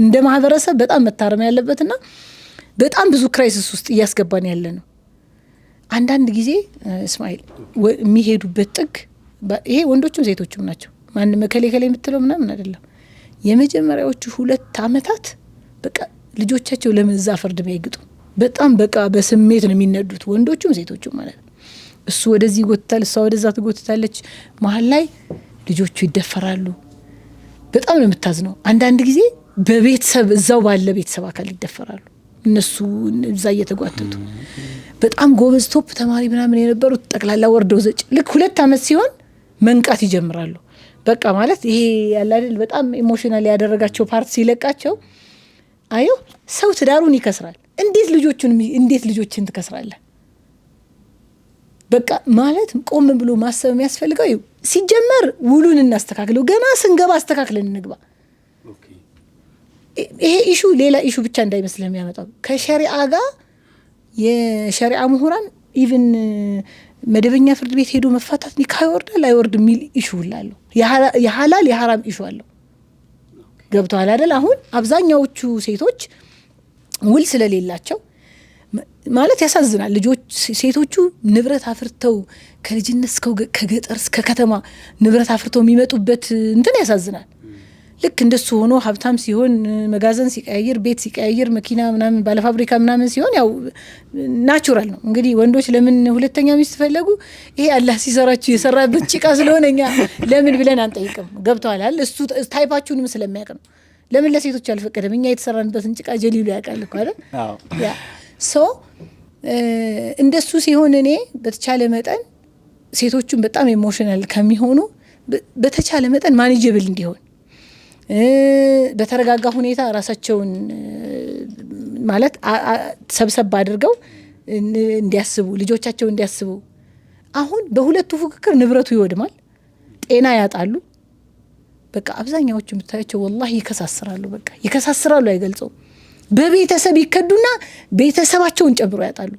እንደ ማህበረሰብ በጣም መታረም ያለበትና በጣም ብዙ ክራይሲስ ውስጥ እያስገባን ያለ ነው። አንዳንድ ጊዜ እስማኤል የሚሄዱበት ጥግ ይሄ ወንዶችም ሴቶችም ናቸው። ማንም መከሌ ከላይ የምትለው ምናምን አይደለም። የመጀመሪያዎቹ ሁለት አመታት በቃ ልጆቻቸው ለመዛ ፍርድ የሚያይግጡ በጣም በቃ በስሜት ነው የሚነዱት ወንዶቹም ሴቶቹም ማለት ነው። እሱ ወደዚህ ይጎትታል፣ እሷ ወደዛ ትጎትታለች። መሀል ላይ ልጆቹ ይደፈራሉ። በጣም ነው የምታዝነው አንዳንድ ጊዜ በቤተሰብ እዛው ባለ ቤተሰብ አካል ይደፈራሉ። እነሱ እዛ እየተጓተቱ በጣም ጎበዝ ቶፕ ተማሪ ምናምን የነበሩት ጠቅላላ ወርደው ዘጭ ልክ ሁለት ዓመት ሲሆን መንቃት ይጀምራሉ። በቃ ማለት ይሄ ያለ አይደል በጣም ኢሞሽናል ያደረጋቸው ፓርት ሲለቃቸው አየው ሰው ትዳሩን ይከስራል። እንዴት ልጆቹን እንዴት ልጆችን ትከስራለ በቃ ማለት ቆም ብሎ ማሰብ የሚያስፈልገው ሲጀመር ውሉን እናስተካክለው። ገና ስንገባ አስተካክለን እንግባ። ይሄ ኢሹ ሌላ ኢሹ ብቻ እንዳይመስልህ የሚያመጣው ከሸሪአ ጋር የሸሪአ ምሁራን ኢቭን መደበኛ ፍርድ ቤት ሄዶ መፋታት ኒካ ይወርዳል አይወርድ የሚል ኢሹ ላለሁ የሀላል የሀራም ኢሹ አለው። ገብተዋል አይደል? አሁን አብዛኛዎቹ ሴቶች ውል ስለሌላቸው ማለት ያሳዝናል። ልጆች ሴቶቹ ንብረት አፍርተው ከልጅነት ከገጠር እስከ ከተማ ንብረት አፍርተው የሚመጡበት እንትን ያሳዝናል። ልክ እንደሱ ሆኖ ሀብታም ሲሆን መጋዘን ሲቀያይር፣ ቤት ሲቀያይር፣ መኪና ምናምን ባለፋብሪካ ምናምን ሲሆን ያው ናቹራል ነው። እንግዲህ ወንዶች ለምን ሁለተኛ ሚስት ፈለጉ? ይሄ አላህ ሲሰራችሁ የሰራበት ጭቃ ስለሆነ እኛ ለምን ብለን አንጠይቅም። ገብተዋል። እሱ ታይፓችሁንም ስለሚያውቅ ነው። ለምን ለሴቶች አልፈቀደም? እኛ የተሰራንበትን ጭቃ ጀሊሉ ያውቃል እኮ አይደል? ሶ እንደሱ ሲሆን እኔ በተቻለ መጠን ሴቶቹን በጣም ኢሞሽናል ከሚሆኑ በተቻለ መጠን ማኔጀብል እንዲሆን በተረጋጋ ሁኔታ ራሳቸውን ማለት ሰብሰብ አድርገው እንዲያስቡ ልጆቻቸው እንዲያስቡ። አሁን በሁለቱ ፉክክር ንብረቱ ይወድማል፣ ጤና ያጣሉ። በቃ አብዛኛዎቹ የምታያቸው ወላሂ ይከሳስራሉ። በቃ ይከሳስራሉ አይገልጸው በቤተሰብ ይከዱና ቤተሰባቸውን ጨምሮ ያጣሉ።